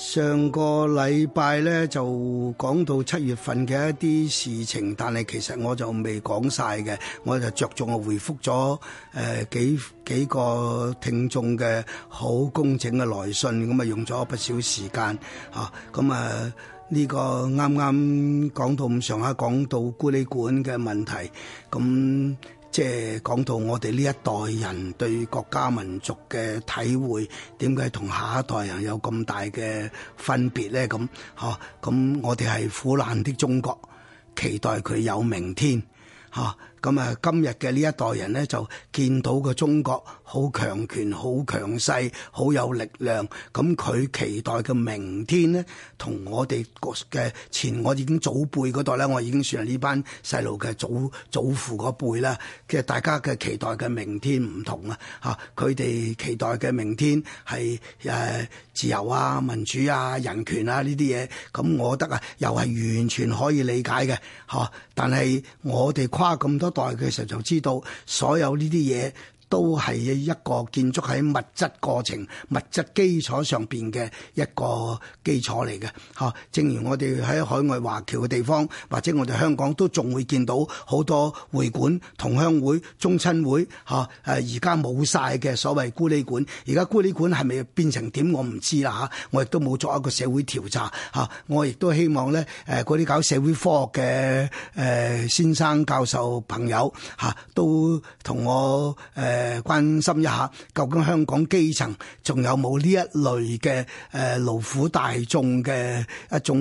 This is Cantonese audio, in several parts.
上個禮拜咧就講到七月份嘅一啲事情，但係其實我就未講晒嘅，我就着重我回覆咗誒幾幾個聽眾嘅好工整嘅來信，咁啊用咗不少時間嚇，咁啊呢、這個啱啱講到咁上下講到咕喱館嘅問題，咁、嗯。即係講到我哋呢一代人對國家民族嘅體會，點解同下一代人有咁大嘅分別咧？咁吓，咁我哋係苦難的中國，期待佢有明天吓。咁啊，今日嘅呢一代人咧，就見到個中國好強權好強勢好有力量。咁佢期待嘅明天咧，同我哋嘅前我已經祖輩嗰代咧，我已經算係呢班細路嘅祖祖父嗰輩啦，啦。嘅大家嘅期待嘅明天唔同啊，吓，佢哋期待嘅明天係誒自由啊、民主啊、人權啊呢啲嘢。咁我覺得啊，又係完全可以理解嘅，吓，但係我哋跨咁多。在嘅時候就知道所有呢啲嘢。 都係一個建築喺物質過程、物質基礎上邊嘅一個基礎嚟嘅嚇。正如我哋喺海外華僑嘅地方，或者我哋香港都仲會見到好多會館、同鄉會、中親會嚇。誒，而家冇晒嘅所謂咕喱館，而家咕喱館係咪變成點我唔知啦嚇。我亦、啊、都冇作一個社會調查嚇、啊。我亦都希望咧誒嗰啲搞社會科學嘅誒、啊、先生、教授、朋友嚇、啊，都同我誒。啊誒，關心一下，究竟香港基層仲有冇呢一類嘅誒勞苦大眾嘅一種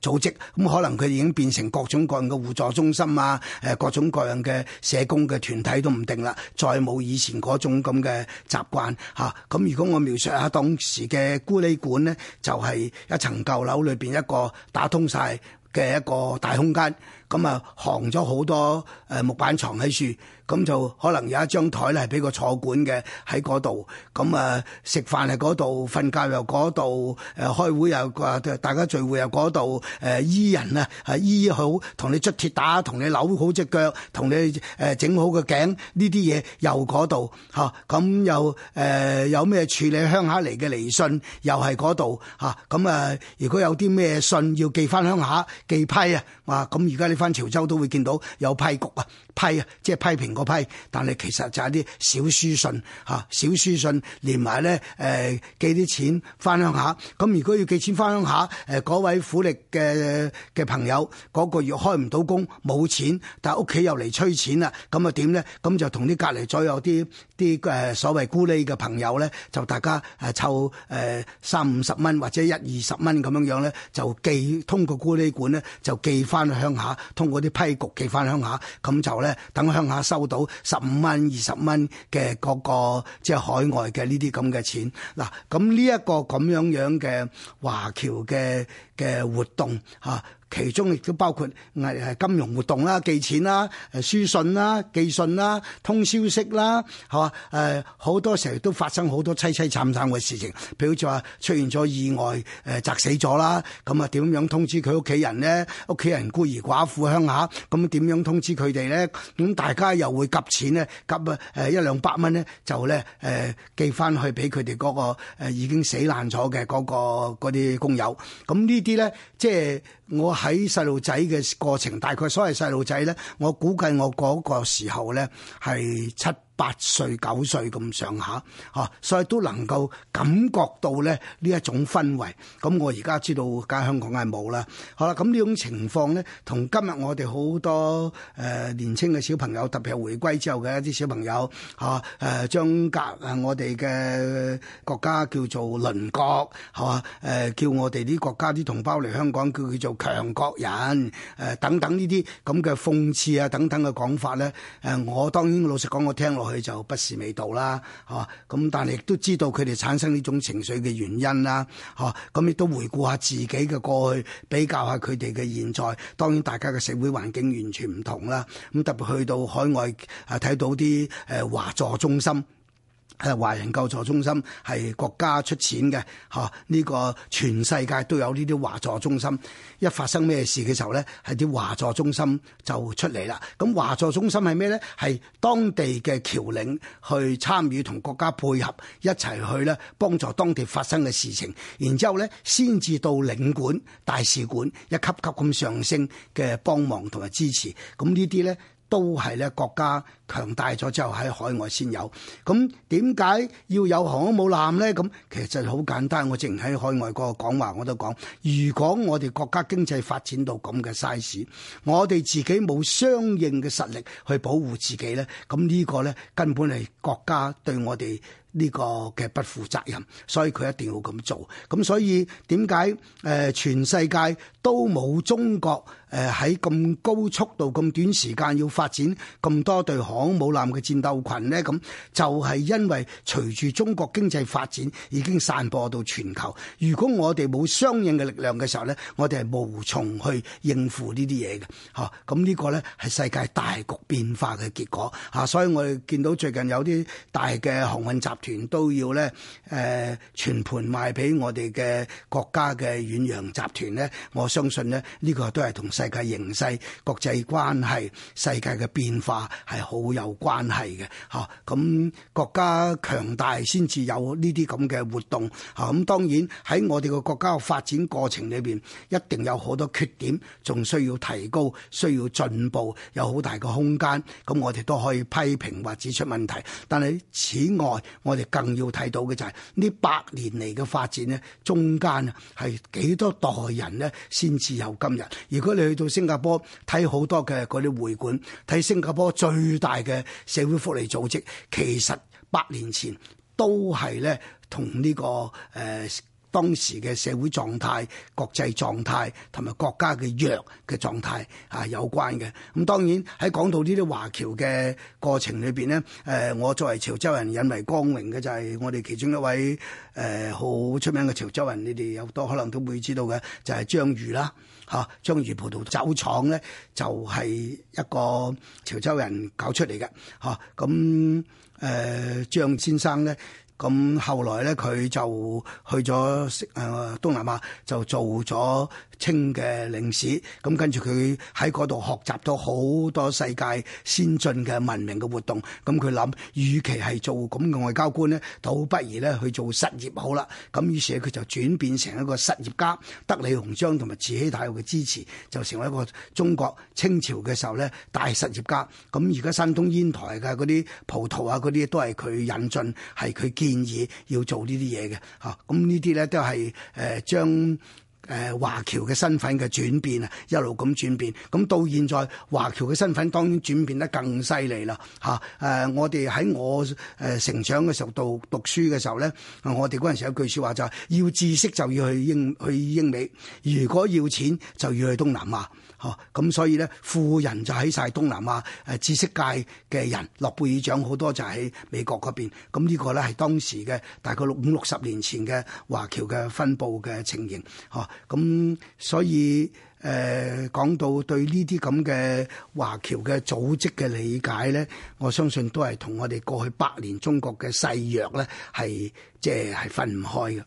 組織？咁可能佢已經變成各種各樣嘅互助中心啊，誒各種各樣嘅社工嘅團體都唔定啦。再冇以前嗰種咁嘅習慣吓。咁、啊、如果我描述下當時嘅咕喱館呢，就係、是、一層舊樓裏邊一個打通晒嘅一個大空間。咁啊，行咗好多誒木板床喺樹，咁就可能有一張台咧係俾個坐管嘅喺度，咁啊食飯喺度，瞓覺又度，誒開會又話大家聚會又度，誒醫人啊，係醫好，同你出鐵打，同你扭好隻腳同你誒整好個頸呢啲嘢又度吓，咁又誒、呃、有咩處理鄉下嚟嘅嚟信，又係度吓。咁啊，如果有啲咩信要寄翻鄉下，寄批啊，哇！咁而家你翻翻潮州都會見到有批局啊批啊，即係批評個批，但係其實就係啲小書信嚇，小書信連埋咧誒寄啲錢翻鄉下。咁如果要寄錢翻鄉下，誒、呃、嗰位苦力嘅嘅朋友嗰、嗰個月開唔到工，冇錢，但係屋企又嚟催錢啊。咁啊點咧？咁就同啲隔離再有啲。啲誒所謂咕喱嘅朋友咧，就大家誒湊誒三五十蚊或者一二十蚊咁樣樣咧，就寄通過咕喱館咧，就寄翻去鄉下，通過啲批局寄翻鄉下，咁就咧等鄉下收到十五蚊二十蚊嘅嗰個即係、就是、海外嘅呢啲咁嘅錢嗱，咁呢一個咁樣樣嘅華僑嘅嘅活動嚇。其中亦都包括誒金融活動啦、寄錢啦、誒書信啦、寄信啦、通消息啦，係嘛誒好多時候都發生好多凄凄慘慘嘅事情，譬如就話出現咗意外誒砸、呃、死咗啦，咁啊點樣通知佢屋企人呢？屋企人孤兒寡，寡婦鄉下，咁、啊、點樣、樣通知佢哋咧？咁大家又會急錢咧？急誒一兩百蚊咧，就咧誒、呃、寄翻去俾佢哋嗰個已經死爛咗嘅嗰個嗰啲工友。咁呢啲咧，即係。我喺細路仔嘅過程，大概所謂細路仔咧，我估計我嗰個時候咧係七，八歲九歲咁上下吓，所以都能夠感覺到咧呢一種氛圍，咁我而家知道家香港係冇啦。好啦，咁呢種情況咧，同今日我哋好多誒年青嘅小朋友，特別係回歸之後嘅一啲小朋友吓誒將隔誒我哋嘅國家叫做鄰國，嚇誒叫我哋啲國家啲同胞嚟香港叫佢做強國人，誒等等呢啲咁嘅諷刺啊，等等嘅講法咧。誒我當然老實講我聽落。過去就不是味道啦，吓，咁，但係亦都知道佢哋產生呢種情緒嘅原因啦，吓咁亦都回顧下自己嘅過去，比較下佢哋嘅現在。當然，大家嘅社會環境完全唔同啦，咁特別去到海外啊，睇到啲誒華助中心，係華人救助中心係國家出錢嘅。嚇，呢個全世界都有呢啲華助中心，一發生咩事嘅時候咧，係啲華助中心就出嚟啦。咁華助中心係咩咧？係當地嘅僑領去參與同國家配合一齊去咧幫助當地發生嘅事情然，然之後咧先至到領館、大使館一級級咁上升嘅幫忙同埋支持。咁呢啲咧都係咧國家強大咗之後喺海外先有。咁點解要有航母艦咧？咁其實好簡單，我淨喺海外個講話我都講，如果我哋國家經濟發展到咁嘅 size，我哋自己冇相應嘅實力去保護自己咧，咁呢個咧根本係國家對我哋呢個嘅不負責任，所以佢一定要咁做。咁所以點解誒全世界都冇中國誒，喺咁高速度、咁短時間要發展咁多對。港武艦嘅戰鬥群咧，咁就係因為隨住中國經濟發展已經散播到全球。如果我哋冇相應嘅力量嘅時候咧，我哋係無從去應付呢啲嘢嘅。吓，咁呢個咧係世界大局變化嘅結果。吓，所以我哋見到最近有啲大嘅航運集團都要咧，誒、呃，全盤賣俾我哋嘅國家嘅遠洋集團咧。我相信咧，呢個都係同世界形勢、國際關係、世界嘅變化係好。互有關係嘅吓，咁、嗯、國家強大先至有呢啲咁嘅活動，吓、嗯，咁當然喺我哋嘅國家嘅發展過程裏邊一定有好多缺點，仲需要提高，需要進步，有好大嘅空間，咁、嗯、我哋都可以批評或指出問題，但係此外，我哋更要睇到嘅就係呢百年嚟嘅發展咧，中間啊係幾多代人咧先至有今日。如果你去到新加坡睇好多嘅嗰啲會館睇新加坡最大。大嘅社會福利組織，其實百年前都係咧同呢個誒、呃、當時嘅社會狀態、國際狀態同埋國家嘅弱嘅狀態啊有關嘅。咁當然喺講到呢啲華僑嘅過程裏邊咧，誒、呃、我作為潮州人引為光榮嘅就係我哋其中一位誒好、呃、出名嘅潮州人，你哋有多可能都會知道嘅，就係張裕啦。嚇，張裕、啊、葡萄酒廠咧就係、是、一個潮州人搞出嚟嘅，嚇、啊。咁、啊、誒張先生咧，咁、啊、後來咧佢就去咗誒、呃、東南亞，就做咗清嘅領事，咁跟住佢喺嗰度學習咗好多世界先進嘅文明嘅活動，咁佢諗，與其係做咁嘅外交官呢，倒不如呢去做實業好啦。咁於是佢就轉變成一個實業家，得李鴻章同埋慈禧太后嘅支持，就成為一個中國清朝嘅時候呢大實業家。咁而家山東煙台嘅嗰啲葡萄啊，嗰啲都係佢引進，係佢建議要做、嗯、呢啲嘢嘅。嚇，咁呢啲呢都係誒將。誒，華僑嘅身份嘅轉變啊，一路咁轉變，咁到現在華僑嘅身份當然轉變得更犀利啦，吓，誒，我哋喺我誒成長嘅時候讀讀書嘅時候咧，我哋嗰陣時有句說話就係要知識就要去英去英美，如果要錢就要去東南亞。嚇咁、 嗯、所以咧，富人就喺晒東南亞，誒知識界嘅人，諾貝爾獎好多就喺美國嗰邊。咁呢個咧係當時嘅大概六五六十年前嘅華僑嘅分布嘅情形。嚇、嗯、咁、嗯、所以誒講、呃、到對呢啲咁嘅華僑嘅組織嘅理解咧，我相信都係同我哋過去百年中國嘅勢弱咧係即係係分唔開嘅。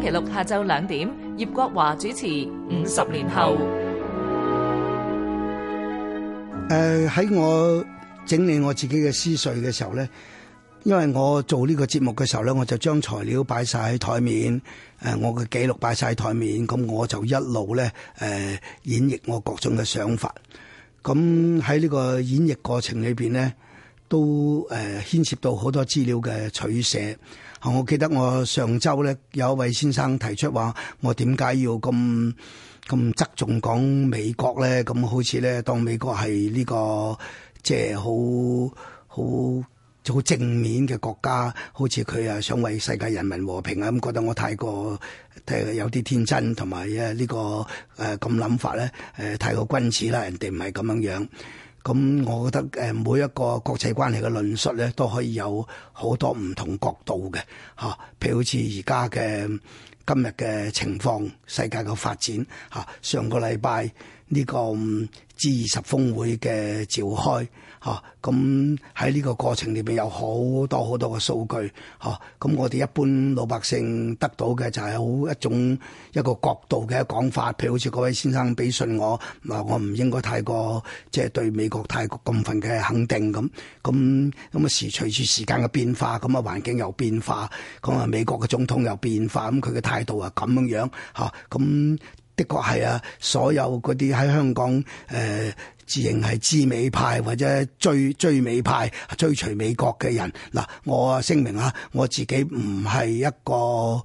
星期六下晝兩點，葉國華主持《五十年後》呃。誒，喺我整理我自己嘅思緒嘅時候咧，因為我做呢個節目嘅時候咧，我就將材料擺晒喺台面，誒，我嘅記錄擺晒台面，咁我就一路咧，誒、呃，演繹我各種嘅想法。咁喺呢個演繹過程裏邊咧，都誒牽涉到好多資料嘅取捨。我記得我上週咧有一位先生提出話，我點解要咁咁側重講美國咧？咁好似咧當美國係呢個即係好好好正面嘅國家，好似佢啊想為世界人民和平啊，咁覺得我太過太過有啲天真，同埋啊呢個誒咁諗法咧誒太過君子啦，人哋唔係咁樣樣。咁，我覺得誒每一個國際關係嘅論述咧，都可以有好多唔同角度嘅嚇。啊、譬如好似而家嘅今日嘅情況，世界嘅發展嚇、啊。上個禮拜呢個、嗯、G 二十峰會嘅召開。嚇，咁喺呢個過程裏邊有好多好多嘅數據，嚇、哦，咁我哋一般老百姓得到嘅就係好一種一個角度嘅講法，譬如好似嗰位先生俾信我，嗱，我唔應該太過即係、就是、對美國太過咁分嘅肯定咁，咁咁嘅事隨住時間嘅變化，咁、嗯、啊環境又變化，咁、嗯、啊美國嘅總統又變化，咁佢嘅態度啊咁樣樣，嚇、哦，咁、嗯、的確係啊，所有嗰啲喺香港誒。呃自認係知美派或者追追美派、追隨美國嘅人嗱，我聲明啊，我自己唔係一個誒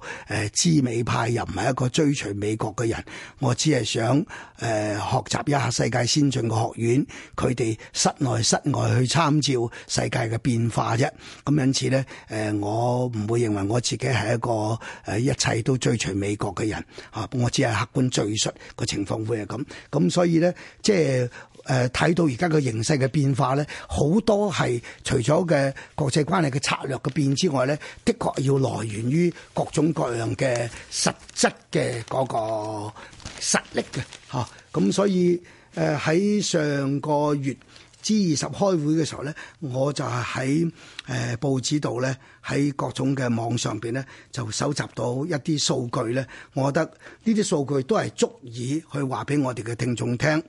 知美派，又唔係一個追隨美國嘅人，我只係想誒、呃、學習一下世界先進嘅學院，佢哋室內室外去參照世界嘅變化啫。咁因此咧，誒、呃、我唔會認為我自己係一個誒一切都追隨美國嘅人嚇、啊，我只係客觀敘述個情況會係咁。咁所以咧，即係。誒睇到而家嘅形勢嘅變化咧，好多係除咗嘅國際關係嘅策略嘅變之外咧，的確要來源於各種各樣嘅實質嘅嗰個實力嘅嚇。咁所以誒喺上個月 G20 開會嘅時候咧，我就係喺誒報紙度咧，喺各種嘅網上邊咧，就搜集到一啲數據咧。我覺得呢啲數據都係足以去話俾我哋嘅聽眾聽。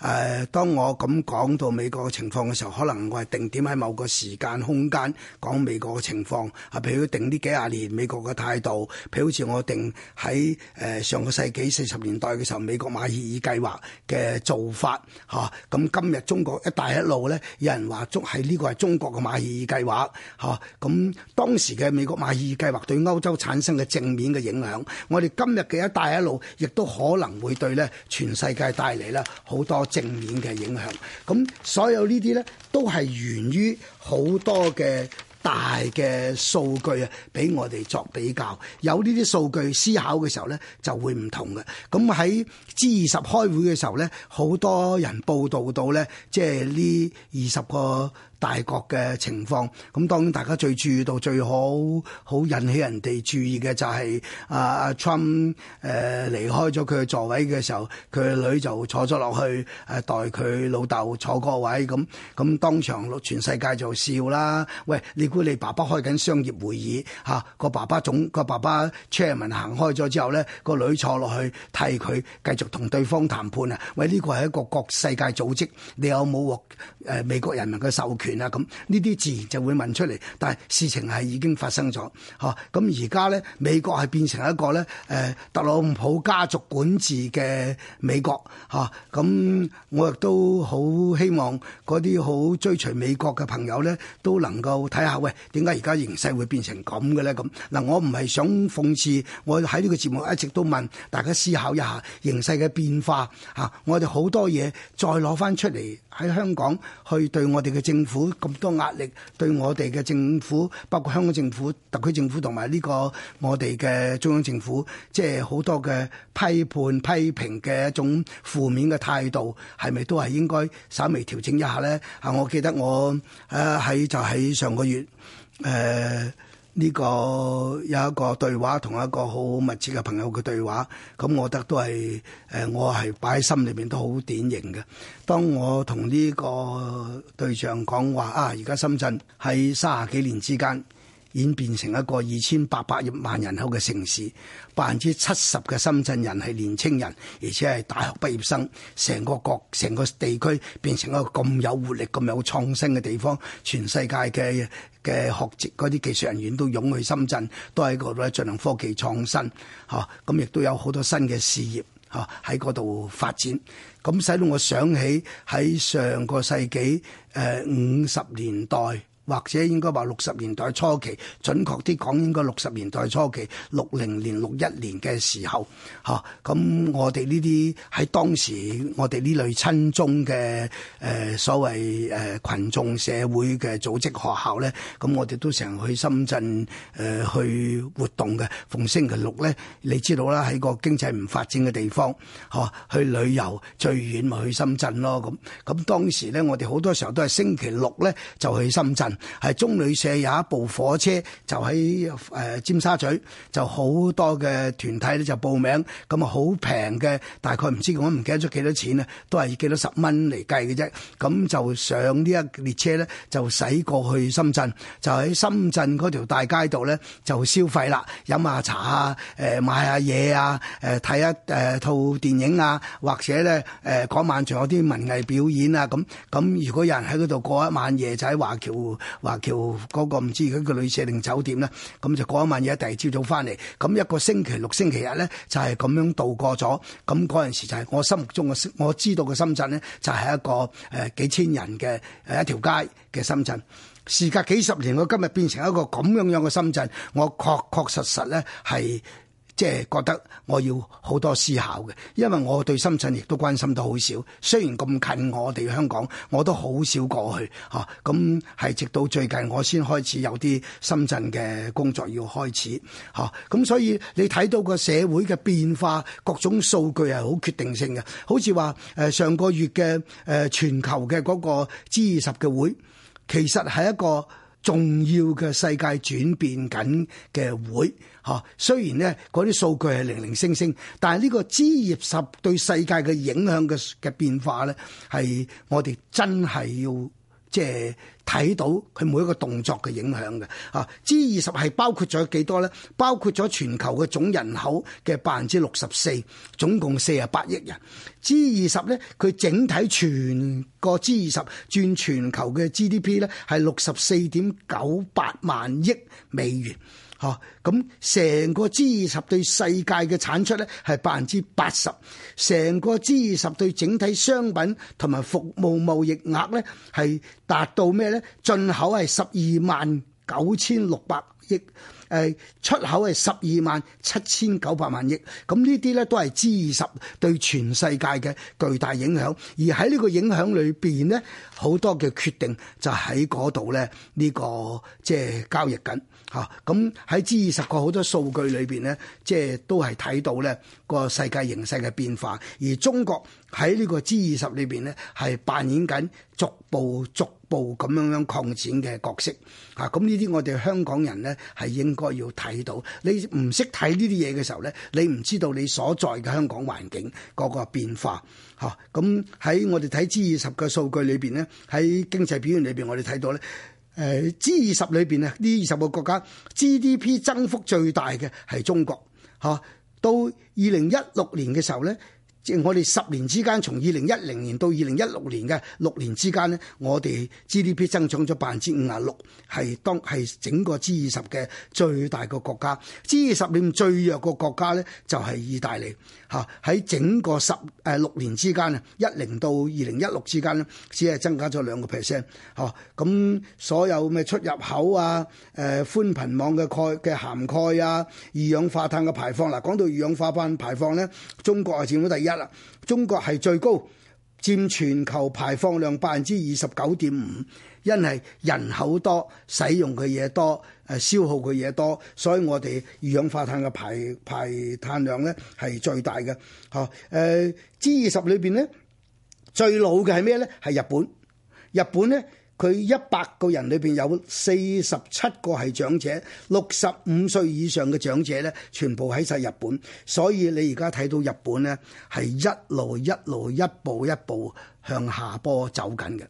誒、呃，當我咁講到美國嘅情況嘅時候，可能我係定點喺某個時間空間講美國嘅情況，啊，譬如定呢幾廿年美國嘅態度，譬如好似我定喺誒上個世紀四十年代嘅時候美國馬歇爾計劃嘅做法，吓、啊，咁今日中國一帶一路咧，有人話捉係呢個係中國嘅馬歇爾計劃，嚇、啊，咁當時嘅美國馬歇爾計劃對歐洲產生嘅正面嘅影響，我哋今日嘅一帶一路亦都可能會對咧全世界帶嚟咧好多。正面嘅影響，咁所有呢啲咧都係源於好多嘅大嘅數據啊，俾我哋作比較，有呢啲數據思考嘅時候咧就會唔同嘅。咁喺 G20 開會嘅時候咧，好多人報道到咧，即係呢二十個大國嘅情況，咁當然大家最注意到、最好好引起人哋注意嘅就係阿阿 Trump 誒，離開咗佢嘅座位嘅時候，佢個女就坐咗落去誒、呃、代佢老豆坐個位，咁咁當場全世界就笑啦。喂，你估你爸爸開緊商業會議吓？個、啊、爸爸總個爸爸 Chairman 行開咗之後咧，個女坐落去替佢繼續同對方談判啊！喂，呢個係一個國世界組織，你有冇獲誒美國人民嘅授權？啊咁呢啲自然就會問出嚟，但係事情係已經發生咗吓，咁而家咧，美國係變成一個咧，誒、欸、特朗普家族管治嘅美國吓，咁、啊啊、我亦都好希望嗰啲好追隨美國嘅朋友咧，都能夠睇下喂，點解而家形勢會變成咁嘅咧？咁、啊、嗱，我唔係想諷刺，我喺呢個節目一直都問大家思考一下形勢嘅變化吓、啊，我哋好多嘢再攞翻出嚟喺香港去對我哋嘅政府。咁多壓力對我哋嘅政府，包括香港政府、特區政府同埋呢個我哋嘅中央政府，即係好多嘅批判、批評嘅一種負面嘅態度，係咪都係應該稍微調整一下咧？啊，我記得我誒喺就喺、是、上個月誒。呃呢個有一個對話，同一個好密切嘅朋友嘅對話，咁我覺得都係誒，我係擺喺心裏面都好典型嘅。當我同呢個對象講話啊，而家深圳喺三十幾年之間，演變成一個二千八百萬人口嘅城市，百分之七十嘅深圳人係年青人，而且係大學畢業生，成個國、成個地區變成一個咁有活力、咁有創新嘅地方。全世界嘅嘅學籍、嗰啲技術人員都湧去深圳，都喺嗰度咧進行科技創新。嚇、啊，咁亦都有好多新嘅事業嚇喺嗰度發展。咁、啊、使到我想起喺上個世紀誒五十年代。或者應該話六十年代初期，準確啲講應該六十年代初期，六零年、六一年嘅時候，嚇咁我哋呢啲喺當時我哋呢類親中嘅誒、呃、所謂誒羣、呃、眾社會嘅組織學校咧，咁我哋都成日去深圳誒、呃、去活動嘅。逢星期六咧，你知道啦，喺個經濟唔發展嘅地方，嚇去旅遊最遠咪去深圳咯。咁咁當時咧，我哋好多時候都係星期六咧就去深圳。係中旅社有一部火車，就喺誒尖沙咀，就好多嘅團體咧就報名，咁啊好平嘅，大概唔知我唔記得咗幾多錢啦，都係幾多十蚊嚟計嘅啫。咁就上呢一列車咧，就駛過去深圳，就喺深圳嗰條大街度咧就消費啦，飲下茶啊，誒買下嘢啊，誒睇一誒套電影啊，或者咧誒晚仲有啲文藝表演啊，咁咁如果有人喺嗰度過一晚夜，就喺華僑。華僑嗰個唔知嗰個旅舍定酒店咧，咁就過一晚嘢。第二朝早翻嚟。咁一個星期六星期日咧，就係、是、咁樣度過咗。咁嗰陣時就係我心目中嘅，我知道嘅深圳咧，就係、是、一個誒、呃、幾千人嘅誒一條街嘅深圳。時隔幾十年，我今日變成一個咁樣樣嘅深圳，我確確實實咧係。即係覺得我要好多思考嘅，因為我對深圳亦都關心到好少。雖然咁近我哋香港，我都好少過去嚇。咁係直到最近，我先開始有啲深圳嘅工作要開始嚇。咁所以你睇到個社會嘅變化，各種數據係好決定性嘅。好似話誒上個月嘅誒、呃、全球嘅嗰個 G 二十嘅會，其實係一個。重要嘅世界轉變緊嘅會吓、啊，雖然咧嗰啲數據係零零星星，但係呢個枝葉十對世界嘅影響嘅嘅變化咧，係我哋真係要。即係睇到佢每一個動作嘅影響嘅，啊，G 二十係包括咗幾多咧？包括咗全球嘅總人口嘅百分之六十四，總共四十八億人。G 二十咧，佢整體全個 G 二十佔全球嘅 GDP 咧，係六十四點九八萬億美元。嚇！咁成、哦、個 G 二十對世界嘅產出咧，係百分之八十；成個 G 二十對整體商品同埋服務貿易額咧，係達到咩咧？進口係十二萬九千六百億，誒、呃、出口係十二萬七千九百萬億。咁呢啲咧都係 G 二十對全世界嘅巨大影響。而喺呢個影響裏邊咧，好多嘅決定就喺嗰度咧，呢、這個即係、就是、交易緊。嚇！咁喺 G 二十個好多數據裏邊咧，即係都係睇到咧個世界形勢嘅變化。而中國喺呢個 G 二十裏邊咧，係扮演緊逐步逐步咁樣樣擴展嘅角色。嚇、啊！咁呢啲我哋香港人咧係應該要睇到。你唔識睇呢啲嘢嘅時候咧，你唔知道你所在嘅香港環境嗰個變化。嚇、啊！咁喺我哋睇 G 二十嘅數據裏邊咧，喺經濟表現裏邊，我哋睇到咧。誒 G 二十裏邊啊，呢二十個國家 GDP 增幅最大嘅係中國吓、啊、到二零一六年嘅時候咧。即係我哋十年之間，從二零一零年到二零一六年嘅六年之間咧，我哋 GDP 增長咗百分之五啊六，係當係整個 G 二十嘅最大個國家。G 二十裏面最弱個國家咧，就係意大利吓，喺整個十誒六年之間啊，一零到二零一六之間咧，只係增加咗兩個 percent 嚇。咁所有咩出入口啊、誒寬頻網嘅蓋嘅涵蓋啊、二氧化碳嘅排放嗱，講到二氧化碳排放咧，中國係佔到第二。一啦，中國係最高，佔全球排放量百分之二十九點五，因為人口多，使用嘅嘢多，誒，消耗嘅嘢多，所以我哋二氧化碳嘅排排碳量咧係最大嘅。吓，誒、呃，G 二十裏邊咧最老嘅係咩咧？係日本，日本咧。佢一百個人裏邊有四十七個係長者，六十五歲以上嘅長者咧，全部喺晒日本，所以你而家睇到日本咧係一路一路，一步一步，向下波走緊嘅，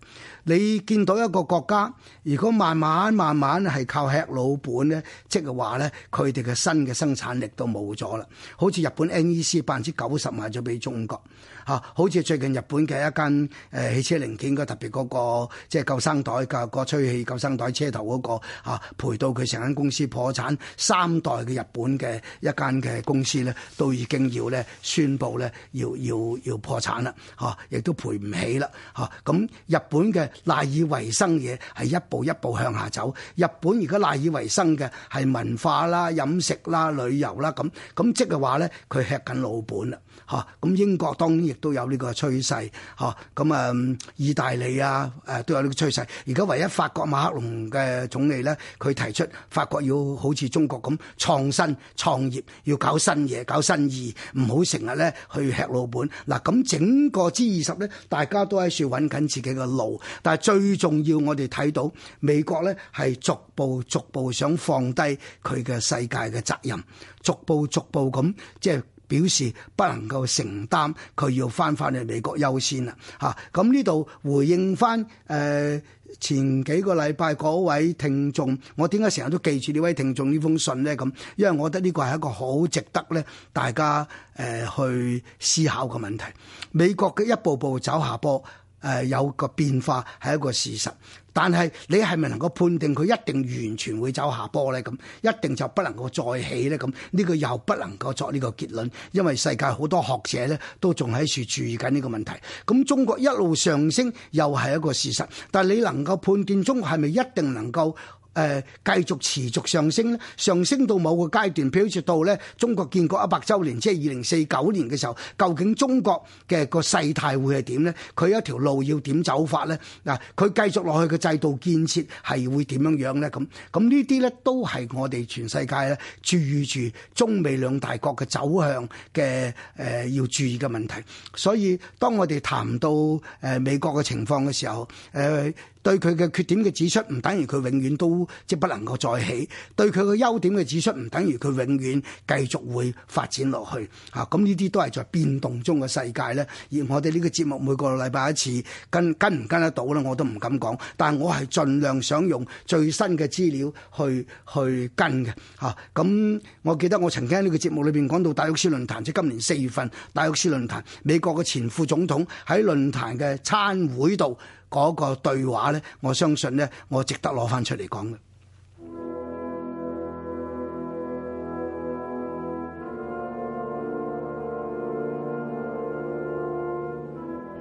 你見到一個國家，如果慢慢慢慢係靠吃老本咧，即係話咧，佢哋嘅新嘅生產力都冇咗啦。好似日本 N E C 百分之九十賣咗俾中國吓，好似最近日本嘅一間誒汽車零件，應該特別個即係救生袋嘅、嗰個吹氣救生袋車頭、嗰個嚇，賠到佢成間公司破產三代嘅日本嘅一間嘅公司咧，都已經要咧宣佈咧，要要要破產啦吓亦都賠唔起啦吓，咁日本嘅賴以為生嘢係一步一步向下走。日本而家賴以為生嘅係文化啦、飲食啦、旅遊啦，咁咁即係話咧，佢吃緊老本啦。嚇，咁、啊、英國當然亦都有呢個趨勢，嚇、啊，咁、嗯、啊，意大利啊，誒、呃、都有呢個趨勢。而家唯一法國馬克龍嘅總理咧，佢提出法國要好似中國咁創新創業，要搞新嘢搞新意，唔好成日咧去吃老本。嗱、啊，咁整個 G 二十咧，大家都喺處揾緊自己嘅路，但係最重要我，我哋睇到美國咧係逐步逐步想放低佢嘅世界嘅責任，逐步逐步咁即係。表示不能夠承擔，佢要翻返去美國優先啦嚇。咁呢度回應翻誒、呃、前幾個禮拜嗰位聽眾，我點解成日都記住呢位聽眾呢封信咧？咁，因為我覺得呢個係一個好值得咧大家誒、呃、去思考嘅問題。美國嘅一步步走下坡。誒、呃、有個變化係一個事實，但係你係咪能夠判定佢一定完全會走下坡呢？咁一定就不能夠再起呢？咁呢個又不能夠作呢個結論，因為世界好多學者呢都仲喺處注意緊呢個問題。咁中國一路上升又係一個事實，但係你能夠判斷中國係咪一定能夠？誒繼、呃、續持續上升咧，上升到某個階段，譬如說到咧中國建國一百週年，即係二零四九年嘅時候，究竟中國嘅個勢態會係點咧？佢一條路要點走法咧？嗱、啊，佢繼續落去嘅制度建設係會點樣呢樣咧？咁咁呢啲咧都係我哋全世界咧注意住中美兩大國嘅走向嘅誒、呃、要注意嘅問題。所以當我哋談到誒、呃、美國嘅情況嘅時候，誒、呃。對佢嘅缺點嘅指出唔等於佢永遠都即不能夠再起；對佢嘅優點嘅指出唔等於佢永遠繼續會發展落去。吓，咁呢啲都係在變動中嘅世界呢、啊。而我哋呢個節目每個禮拜一次跟，跟跟唔跟得到呢？我都唔敢講。但係我係盡量想用最新嘅資料去去跟嘅。吓、啊、咁、啊啊，我記得我曾經呢個節目裏邊講到大律師論壇，即、就是、今年四月份大律師論壇，美國嘅前副總統喺論壇嘅餐會度。嗰個對話咧，我相信咧，我值得攞翻出嚟講嘅。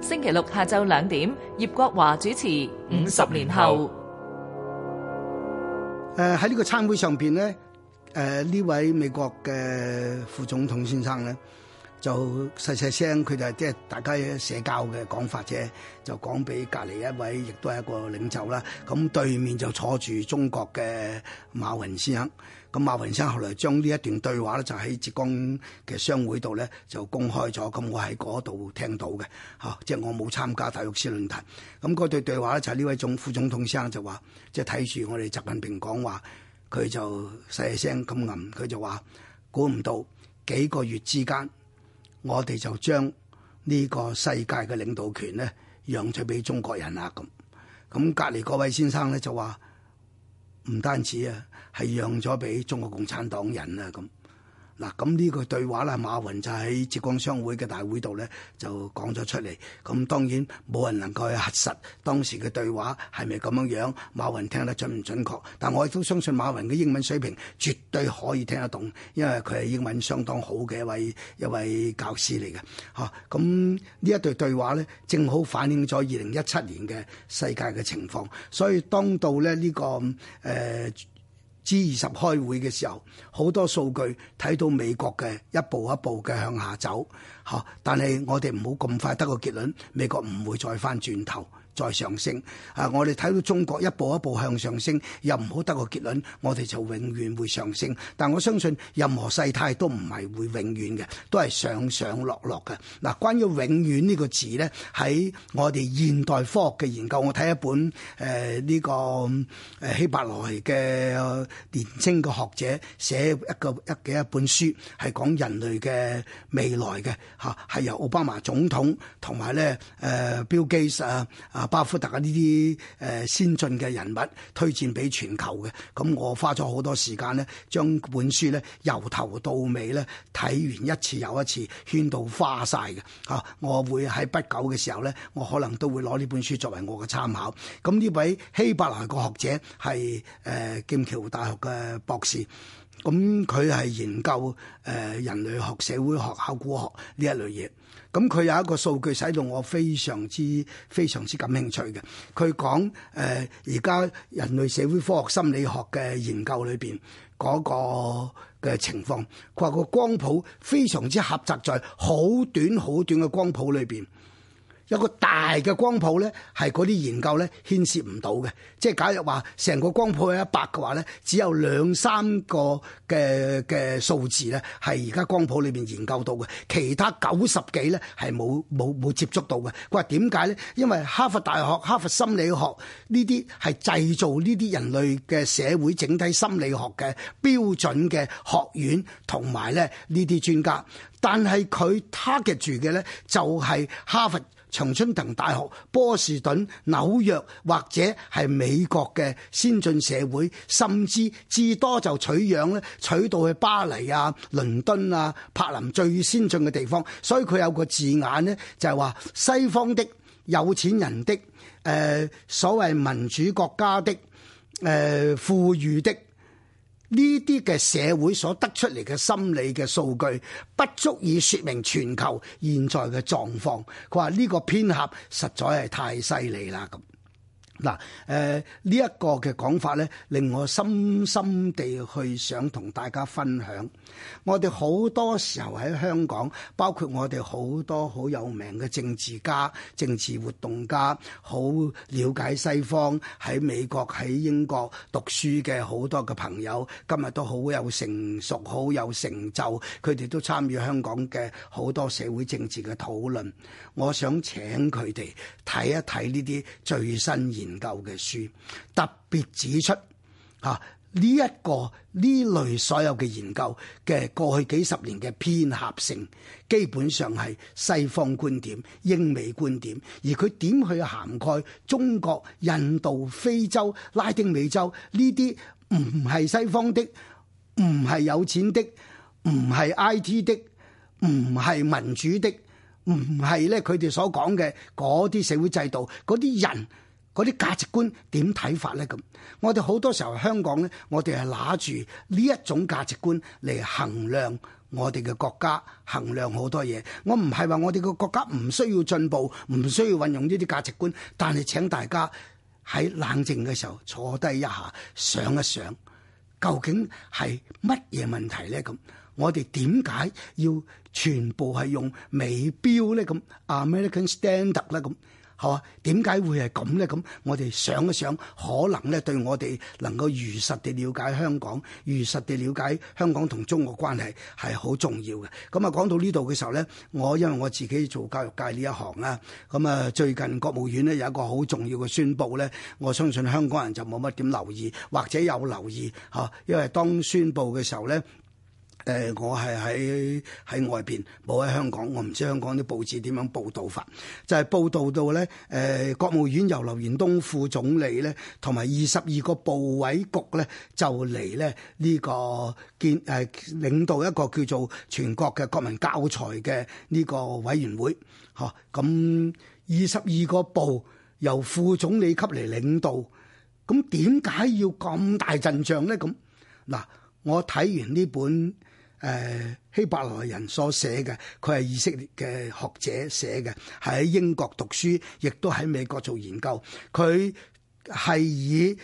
星期六下晝兩點，葉國華主持《五十年後》歳。誒喺呢個餐會上邊咧，誒、呃、呢位美國嘅副總統先生咧。就細細聲，佢就即係大家社交嘅講法啫，就講俾隔籬一位，亦都係一個領袖啦。咁對面就坐住中國嘅馬雲先生。咁馬雲先生後來將呢一段對話咧，就喺浙江嘅商會度咧就公開咗。咁我喺嗰度聽到嘅，吓，即係我冇參加達沃斯論壇，咁嗰對對話咧，就係呢位總副總統先生就話，即係睇住我哋習近平講話，佢就細細聲咁吟，佢就話估唔到幾個月之間。我哋就將呢個世界嘅領導權咧，讓咗俾中國人啦，咁咁隔籬嗰位先生咧就話，唔單止啊，係讓咗俾中國共產黨人啊咁。嗱，咁呢句對話咧，馬雲就喺浙江商會嘅大會度咧，就講咗出嚟。咁當然冇人能夠去核實當時嘅對話係咪咁樣樣，馬雲聽得準唔準確，但我亦都相信馬雲嘅英文水平絕對可以聽得懂，因為佢係英文相當好嘅一位一位教師嚟嘅。吓。咁呢一對對話咧，正好反映咗二零一七年嘅世界嘅情況，所以當到咧呢、呢個誒。呃 G 二十開會嘅時候，好多數據睇到美國嘅一步一步嘅向下走吓，但係我哋唔好咁快得個結論，美國唔會再翻轉頭，再上升，啊！我哋睇到中國一步一步向上升，又唔好得個結論，我哋就永遠會上升。但我相信任何世態都唔係會永遠嘅，都係上上落落嘅。嗱、啊，關於永遠呢個字咧，喺我哋現代科學嘅研究，我睇一本誒呢、呃這個誒希伯來嘅年青嘅學者寫一個一嘅一本書，係講人類嘅未來嘅吓，係、啊、由奧巴馬總統同埋咧誒 Bill Gates 啊啊！啊巴菲特嘅呢啲誒先進嘅人物推薦俾全球嘅，咁我花咗好多時間咧，將本書咧由頭到尾咧睇完一次又一次，圈到花晒嘅嚇，我會喺不久嘅時候咧，我可能都會攞呢本書作為我嘅參考。咁呢位希伯來個學者係誒、呃、劍橋大學嘅博士。咁佢係研究誒、呃、人類學、社會學、考古學呢一類嘢。咁、嗯、佢有一個數據，使到我非常之非常之感興趣嘅。佢講誒而家人類社會科學心理學嘅研究裏邊嗰個嘅情況，佢話個光譜非常之狹窄，在好短好短嘅光譜裏邊。有一個大嘅光譜咧，係嗰啲研究咧牽涉唔到嘅。即係假如話成個光譜有一百嘅話咧，只有兩三個嘅嘅數字咧係而家光譜裏邊研究到嘅，其他九十幾咧係冇冇冇接觸到嘅。佢話點解咧？因為哈佛大學、哈佛心理學呢啲係製造呢啲人類嘅社會整體心理學嘅標準嘅學院同埋咧呢啲專家，但係佢 target 住嘅咧就係、是、哈佛。長春藤大學、波士頓、紐約或者係美國嘅先進社會，甚至至多就取樣咧，取到去巴黎啊、倫敦啊、柏林最先進嘅地方，所以佢有個字眼呢就係、是、話西方的有錢人的誒、呃，所謂民主國家的誒、呃、富裕的。呢啲嘅社會所得出嚟嘅心理嘅數據，不足以説明全球現在嘅狀況。佢話呢個編合實在係太犀利啦咁。嗱，誒呢一個嘅講法咧，令我深深地去想同大家分享。我哋好多時候喺香港，包括我哋好多好有名嘅政治家、政治活動家，好了解西方喺美國、喺英國讀書嘅好多嘅朋友，今日都好有成熟、好有成就，佢哋都參與香港嘅好多社會政治嘅討論，我想請佢哋睇一睇呢啲最新言。研究嘅書特別指出，吓、啊、呢一個呢類所有嘅研究嘅過去幾十年嘅偏合性，基本上係西方觀點、英美觀點，而佢點去涵蓋中國、印度、非洲、拉丁美洲呢啲唔係西方的、唔係有錢的、唔係 IT 的、唔係民主的、唔係咧佢哋所講嘅嗰啲社會制度、嗰啲人。嗰啲價值觀點睇法咧咁，我哋好多時候香港咧，我哋係拿住呢一種價值觀嚟衡量我哋嘅國家，衡量好多嘢。我唔係話我哋個國家唔需要進步，唔需要運用呢啲價值觀，但係請大家喺冷靜嘅時候坐低一下，想一想究竟係乜嘢問題咧咁？我哋點解要全部係用美標咧咁？American standard 啦咁。係嘛？點解會係咁呢？咁我哋想一想，可能呢對我哋能夠如實地了解香港，如實地了解香港同中國關係係好重要嘅。咁啊講到呢度嘅時候呢，我因為我自己做教育界呢一行啦，咁啊最近國務院呢有一個好重要嘅宣佈呢，我相信香港人就冇乜點留意，或者有留意嚇，因為當宣佈嘅時候呢。誒，我係喺喺外邊，冇喺香港。我唔知香港啲報紙點樣報導法，就係、是、報導到咧。誒、呃，國務院由劉延東副總理咧，同埋二十二個部委局咧就嚟咧呢個建誒、呃、領導一個叫做全國嘅國民教材嘅呢個委員會。嚇、啊，咁二十二個部由副總理級嚟領導，咁點解要咁大陣仗咧？咁嗱，我睇完呢本。誒、呃、希伯來人所寫嘅，佢係以色列嘅學者寫嘅，喺英國讀書，亦都喺美國做研究。佢係以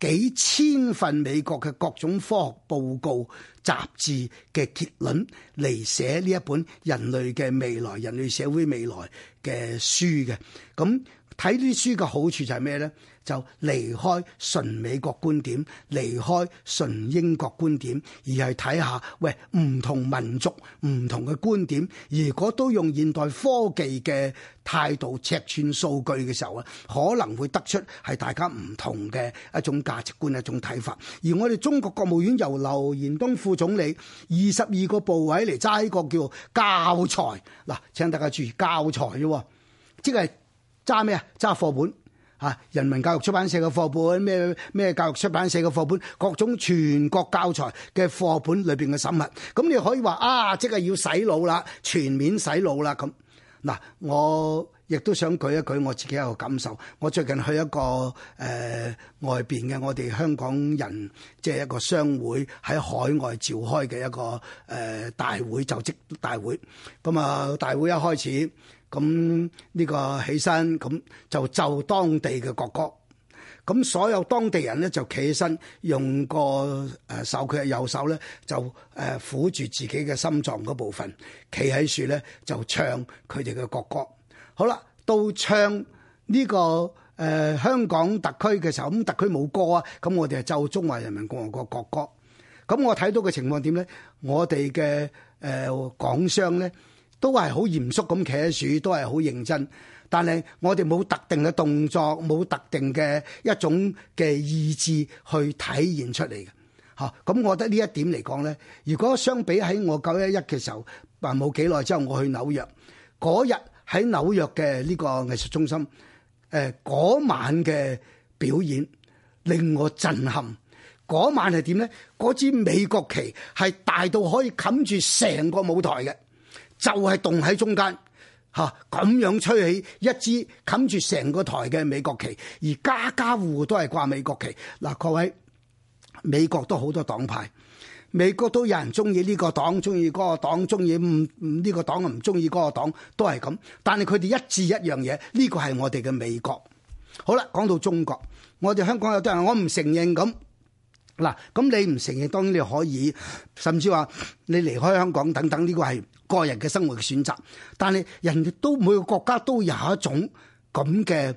幾千份美國嘅各種科學報告、雜誌嘅結論嚟寫呢一本人類嘅未來、人類社會未來嘅書嘅。咁睇啲書嘅好處就係咩咧？就離開純美國觀點，離開純英國觀點，而係睇下喂，唔同民族唔同嘅觀點。如果都用現代科技嘅態度尺寸數據嘅時候啊，可能會得出係大家唔同嘅一種價值觀、一種睇法。而我哋中國國務院由劉延東副總理、二十二個部委嚟揸呢個叫教材。嗱，請大家注意教材啫喎，即係。揸咩啊？揸課本嚇，人民教育出版社嘅課本，咩咩教育出版社嘅課本，各種全國教材嘅課本裏邊嘅生物，咁你可以話啊，即係要洗腦啦，全面洗腦啦咁。嗱、啊，我亦都想舉一舉我自己一個感受。我最近去一個誒、呃、外邊嘅我哋香港人即係、就是、一個商會喺海外召開嘅一個誒、呃、大會就職大會。咁啊，大會一開始。咁呢個起身，咁就就當地嘅國歌。咁所有當地人咧就企起身，用個誒手，佢嘅右手咧就誒撫住自己嘅心臟嗰部分，企喺度咧就唱佢哋嘅國歌。好啦，到唱呢、這個誒、呃、香港特區嘅時候，咁特區冇歌啊，咁我哋係就，就中華人民共和國國歌。咁我睇到嘅情況點咧？我哋嘅誒港商咧，都係好嚴肅咁企喺樹，都係好認真。但係我哋冇特定嘅動作，冇特定嘅一種嘅意志，去體現出嚟嘅。吓，咁、嗯、我覺得呢一點嚟講咧，如果相比喺我九一一嘅時候，但冇幾耐之後我去紐約嗰日喺紐約嘅呢個藝術中心，誒、呃，嗰晚嘅表演令我震撼。嗰晚係點咧？嗰支美國旗係大到可以冚住成個舞台嘅。就係棟喺中間吓，咁、啊、樣吹起一支冚住成個台嘅美國旗，而家家戶戶都係掛美國旗。嗱、啊，各位，美國都好多黨派，美國都有人中意呢個黨，中意嗰個黨，中意唔唔呢個黨唔中意嗰個黨，都係咁。但係佢哋一致一樣嘢，呢個係我哋嘅美國。好啦，講到中國，我哋香港有啲人，我唔承認咁。嗱，咁你唔承認，當然你可以，甚至話你離開香港等等，呢個係個人嘅生活嘅選擇。但係人哋都，每個國家都有一種咁嘅。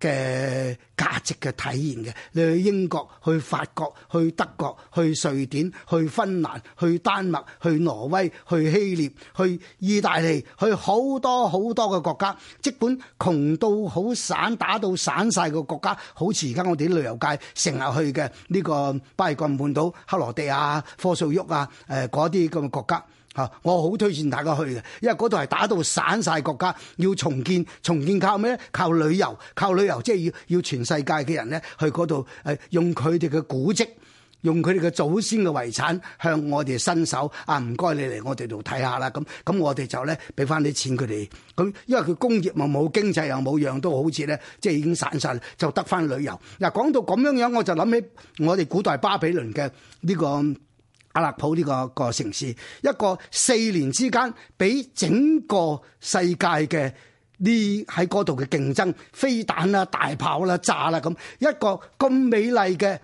嘅價值嘅體現嘅，你去英國、去法國、去德國、去瑞典、去芬蘭、去丹麥、去挪威、去希臘、去意大利、去好多好多嘅國家，即本窮到好散打到散晒嘅國家，好似而家我哋啲旅遊界成日去嘅呢個巴爾幹半島、克羅地亞、科索沃啊，誒嗰啲咁嘅國家。我好推薦大家去嘅，因為嗰度係打到散晒國家，要重建，重建靠咩？靠旅遊，靠旅遊，即係要要全世界嘅人咧去嗰度，誒用佢哋嘅古蹟，用佢哋嘅祖先嘅遺產向我哋伸手。啊，唔該，你嚟我哋度睇下啦。咁咁，我哋就咧俾翻啲錢佢哋。咁因為佢工業又冇，經濟又冇，樣都好似咧，即係已經散晒，就得翻旅遊。嗱，講到咁樣樣，我就諗起我哋古代巴比倫嘅呢個。阿勒蒲呢、這個、這個城市，一個四年之間，畀整個世界嘅呢喺嗰度嘅競爭，飛彈啦、大炮啦、炸啦咁，一個咁美麗嘅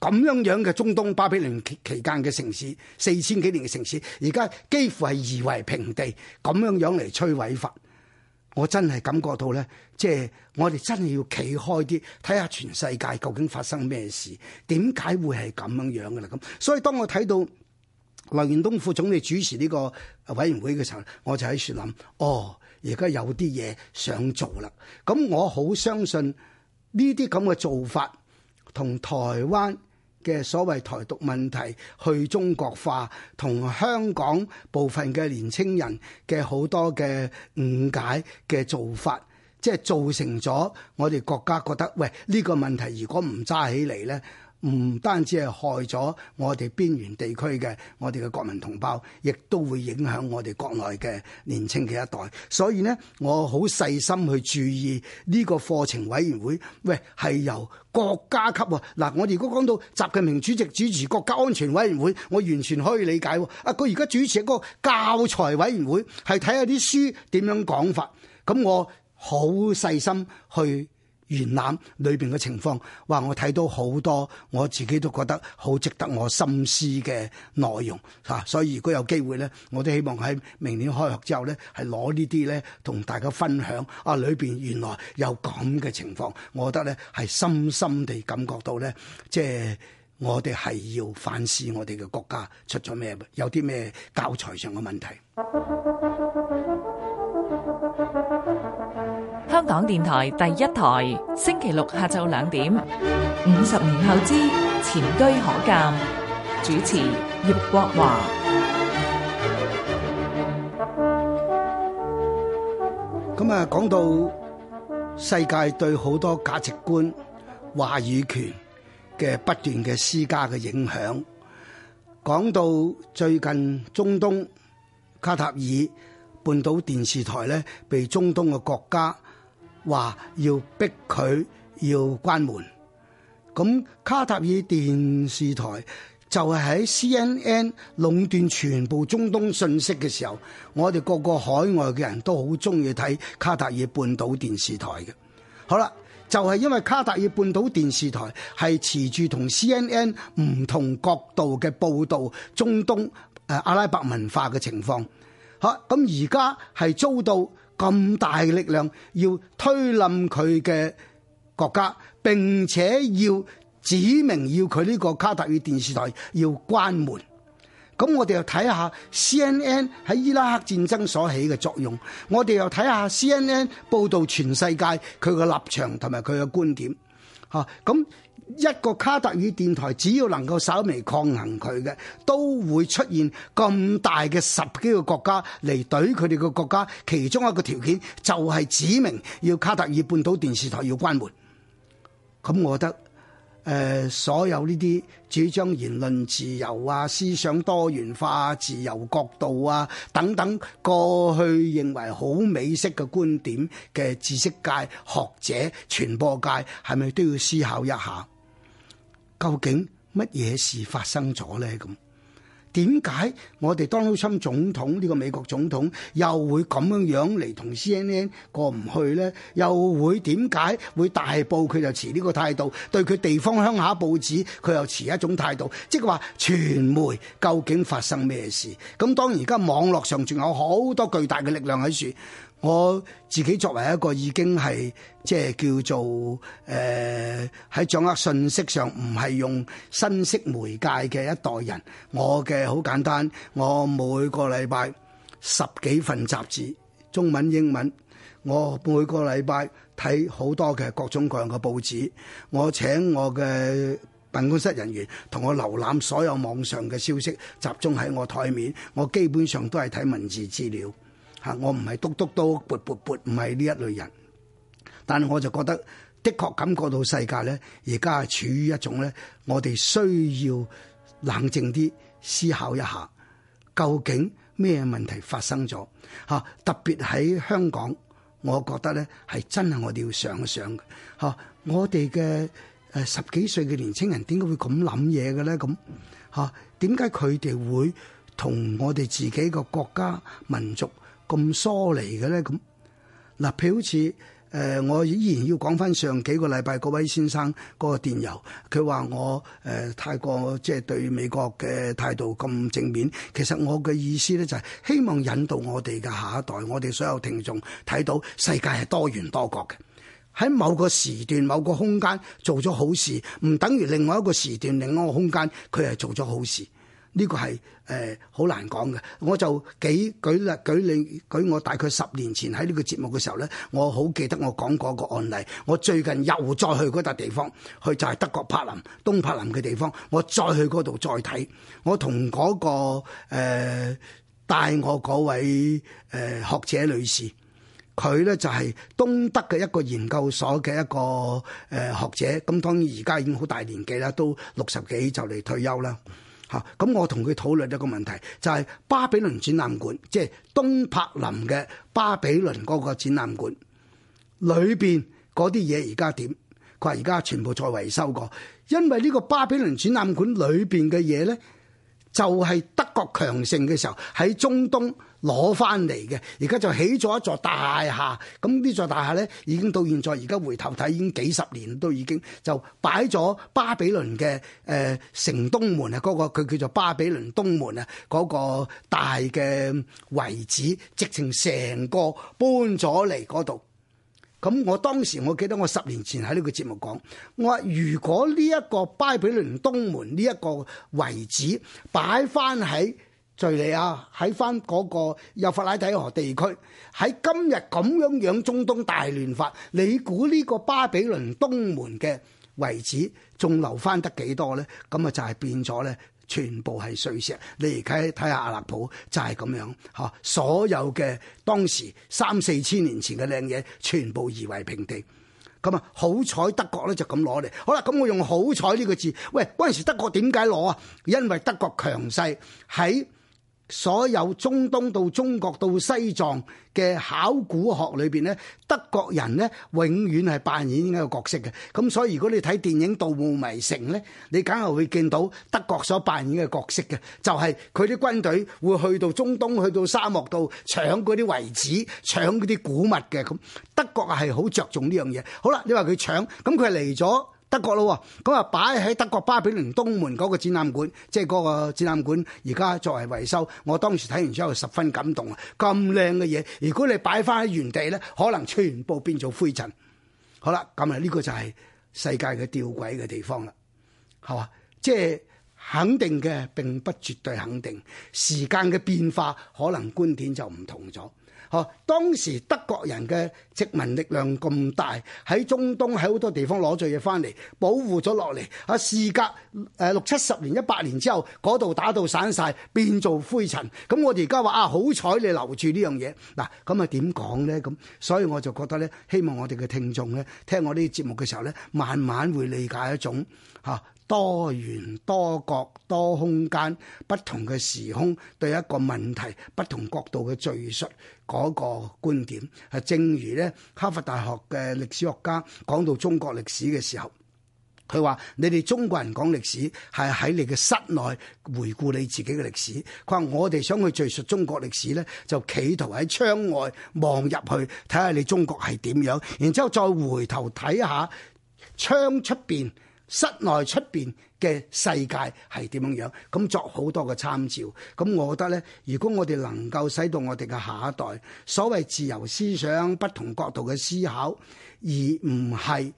咁樣樣嘅中東巴比倫期間嘅城市，四千幾年嘅城市，而家幾乎係夷為平地，咁樣樣嚟摧毀法。我真係感覺到咧，即係我哋真係要企開啲，睇下全世界究竟發生咩事，點解會係咁樣樣嘅啦？咁所以當我睇到劉元東副總理主持呢個委員會嘅時候，我就喺度諗，哦，而家有啲嘢想做啦。咁我好相信呢啲咁嘅做法同台灣。嘅所謂台獨問題去中國化，同香港部分嘅年青人嘅好多嘅誤解嘅做法，即係造成咗我哋國家覺得，喂，呢個問題如果唔揸起嚟咧。唔單止係害咗我哋邊緣地區嘅我哋嘅國民同胞，亦都會影響我哋國內嘅年青嘅一代。所以呢，我好細心去注意呢個課程委員會。喂，係由國家級喎。嗱，我哋如果講到習近平主席主持國家安全委員會，我完全可以理解。啊，佢而家主持嗰個教材委員會，係睇下啲書點樣講法。咁我好細心去元覽裏邊嘅情況，哇！我睇到好多，我自己都覺得好值得我深思嘅內容嚇、啊。所以如果有機會咧，我都希望喺明年開學之後咧，係攞呢啲咧同大家分享。啊，裏邊原來有咁嘅情況，我覺得咧係深深地感覺到咧，即、就、係、是、我哋係要反思我哋嘅國家出咗咩，有啲咩教材上嘅問題。港電台第一台，星期六下晝兩點。五十年後之前車可鑑，主持葉國華。咁啊，講到世界對好多價值觀、話語權嘅不斷嘅施加嘅影響，講到最近中東卡塔爾半島電視台呢，被中東嘅國家。話要逼佢要關門，咁卡塔爾電視台就係喺 C N N 壟斷全部中東信息嘅時候，我哋個個海外嘅人都好鍾意睇卡塔爾半島電視台嘅。好啦，就係、是、因為卡塔爾半島電視台係持住同 C N N 唔同角度嘅報導中東誒、啊、阿拉伯文化嘅情況，嚇咁而家係遭到。咁大嘅力量要推冧佢嘅國家，並且要指明要佢呢個卡塔爾電視台要關門。咁我哋又睇下 CNN 喺伊拉克戰爭所起嘅作用，我哋又睇下 CNN 報道全世界佢嘅立場同埋佢嘅觀點吓，咁。一個卡特爾電台只要能夠稍微抗衡佢嘅，都會出現咁大嘅十幾個國家嚟懟佢哋個國家。其中一個條件就係指明要卡特爾半島電視台要關門。咁、嗯、我覺得，誒、呃、所有呢啲主張言論自由啊、思想多元化、自由角度啊等等，過去認為好美式嘅觀點嘅知識界、學者、傳播界，係咪都要思考一下？究竟乜嘢事發生咗咧？咁點解我哋當選總統呢、呢個美國總統又會咁樣樣嚟同 C N N 過唔去咧？又會點解會大報佢就持呢個態度，對佢地方鄉下報紙佢又持一種態度，即係話傳媒究竟發生咩事？咁當而家網絡上仲有好多巨大嘅力量喺處。我自己作為一個已經係即係叫做誒喺、呃、掌握信息上唔係用新式媒介嘅一代人，我嘅好簡單，我每個禮拜十幾份雜誌，中文英文，我每個禮拜睇好多嘅各種各樣嘅報紙，我請我嘅辦公室人員同我瀏覽所有網上嘅消息，集中喺我台面，我基本上都係睇文字資料。啊！我唔係篤篤篤，撥撥撥，唔係呢一類人。但係我就覺得，的確感覺到世界咧，而家係處於一種咧，我哋需要冷靜啲思考一下，究竟咩問題發生咗嚇？特別喺香港，我覺得咧係真係我哋要想一想嚇。我哋嘅誒十幾歲嘅年輕人點解會咁諗嘢嘅咧？咁嚇點解佢哋會同我哋自己個國家民族？咁疏離嘅咧，咁嗱，譬如好似誒，我依然要講返上幾個禮拜嗰位先生嗰個電郵，佢話我誒太過即係對美國嘅態度咁正面。其實我嘅意思咧就係希望引導我哋嘅下一代，我哋所有聽眾睇到世界係多元多角嘅。喺某個時段、某個空間做咗好事，唔等於另外一個時段、另外一個空間佢係做咗好事。呢個係誒好難講嘅，我就幾舉例舉你舉我大概十年前喺呢個節目嘅時候咧，我好記得我講過一個案例。我最近又再去嗰笪地方，去就係德國柏林東柏林嘅地方，我再去嗰度再睇。我同嗰個誒帶我嗰位誒學者女士，佢咧就係東德嘅一個研究所嘅一個誒學者。咁當然而家已經好大年紀啦，都六十幾就嚟退休啦。嚇！咁我同佢討論一個問題，就係巴比倫展覽館，即係東柏林嘅巴比倫嗰個展覽館裏邊嗰啲嘢而家點？佢話而家全部再維修過，因為呢個巴比倫展覽館裏邊嘅嘢咧，就係德國強盛嘅時候喺中東。攞翻嚟嘅，而家就起咗一座大廈。咁呢座大廈咧，已經到現在，而家回頭睇已經幾十年都已經就擺咗巴比倫嘅誒城東門啊，嗰、那個佢叫做巴比倫東門啊，嗰、那個大嘅遺址，直情成個搬咗嚟嗰度。咁我當時我記得我十年前喺呢個節目講，我話如果呢一個巴比倫東門呢一個遺址擺翻喺敍利亞喺翻嗰個幼發拉底河地區，喺今日咁樣樣中東大亂發，你估呢個巴比倫東門嘅位置仲留翻得幾多咧？咁啊就係變咗咧，全部係碎石。你而家睇下阿勒頗就係、是、咁樣嚇，所有嘅當時三四千年前嘅靚嘢全部夷為平地。咁啊好彩德國咧就咁攞嚟。好啦，咁我用好彩呢個字。喂，嗰陣時德國點解攞啊？因為德國強勢喺。所有中東到中國到西藏嘅考古學裏邊咧，德國人咧永遠係扮演呢個角色嘅。咁所以如果你睇電影《盜墓迷城》咧，你梗係會見到德國所扮演嘅角色嘅，就係佢啲軍隊會去到中東去到沙漠度搶嗰啲遺址、搶嗰啲古物嘅。咁德國係好着重呢樣嘢。好啦，你話佢搶，咁佢嚟咗。德國咯，咁啊擺喺德國巴比倫東門嗰個展覽館，即係嗰個展覽館而家作為維修。我當時睇完之後十分感動啊！咁靚嘅嘢，如果你擺翻喺原地咧，可能全部變做灰塵。好啦，咁啊呢個就係世界嘅吊詭嘅地方啦，係嘛？即係肯定嘅，並不絕對肯定。時間嘅變化，可能觀點就唔同咗。嚇！當時德國人嘅殖民力量咁大，喺中東喺好多地方攞咗嘢翻嚟，保護咗落嚟。啊，事隔誒六七十年、一百年之後，嗰度打到散晒，變做灰塵。咁我哋而家話啊，好彩你留住呢樣嘢嗱，咁啊點講咧？咁所以我就覺得咧，希望我哋嘅聽眾咧，聽我呢啲節目嘅時候咧，慢慢會理解一種嚇。啊多元多角多空間，不同嘅時空對一個問題，不同角度嘅敍述嗰個觀點，正如咧哈佛大學嘅歷史學家講到中國歷史嘅時候，佢話：你哋中國人講歷史係喺你嘅室內回顧你自己嘅歷史。佢話：我哋想去敍述中國歷史呢，就企圖喺窗外望入去睇下你中國係點樣，然之後再回頭睇下窗出邊。室內出面嘅世界係點樣樣？咁作好多嘅參照。咁我覺得呢如果我哋能夠使到我哋嘅下一代，所謂自由思想、不同角度嘅思考，而唔係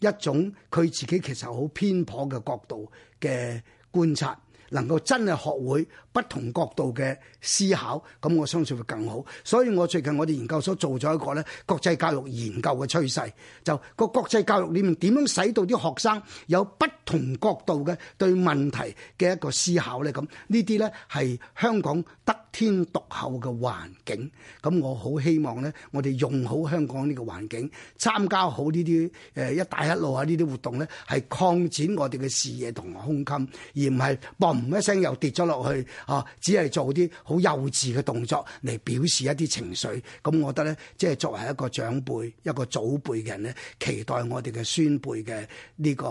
一種佢自己其實好偏頗嘅角度嘅觀察。能夠真係學會不同角度嘅思考，咁我相信會更好。所以我最近我哋研究所做咗一個咧國際教育研究嘅趨勢，就個國際教育裡面點樣使到啲學生有不同角度嘅對問題嘅一個思考咧？咁呢啲咧係香港得天獨厚嘅環境，咁我好希望咧，我哋用好香港呢個環境，參加好呢啲誒「一帶一路」啊呢啲活動咧，係擴展我哋嘅視野同埋胸襟，而唔係博。唔一聲又跌咗落去，啊！只係做啲好幼稚嘅動作嚟表示一啲情緒。咁我覺得咧，即係作為一個長輩、一個祖輩嘅人咧，期待我哋嘅孫輩嘅呢個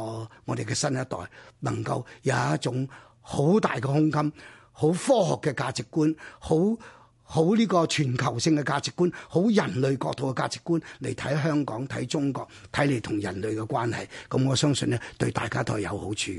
我哋嘅新一代，能夠有一種好大嘅胸襟、好科學嘅價值觀、好好呢個全球性嘅價值觀、好人類角度嘅價值觀嚟睇香港、睇中國、睇你同人類嘅關係。咁我相信咧，對大家都係有好處。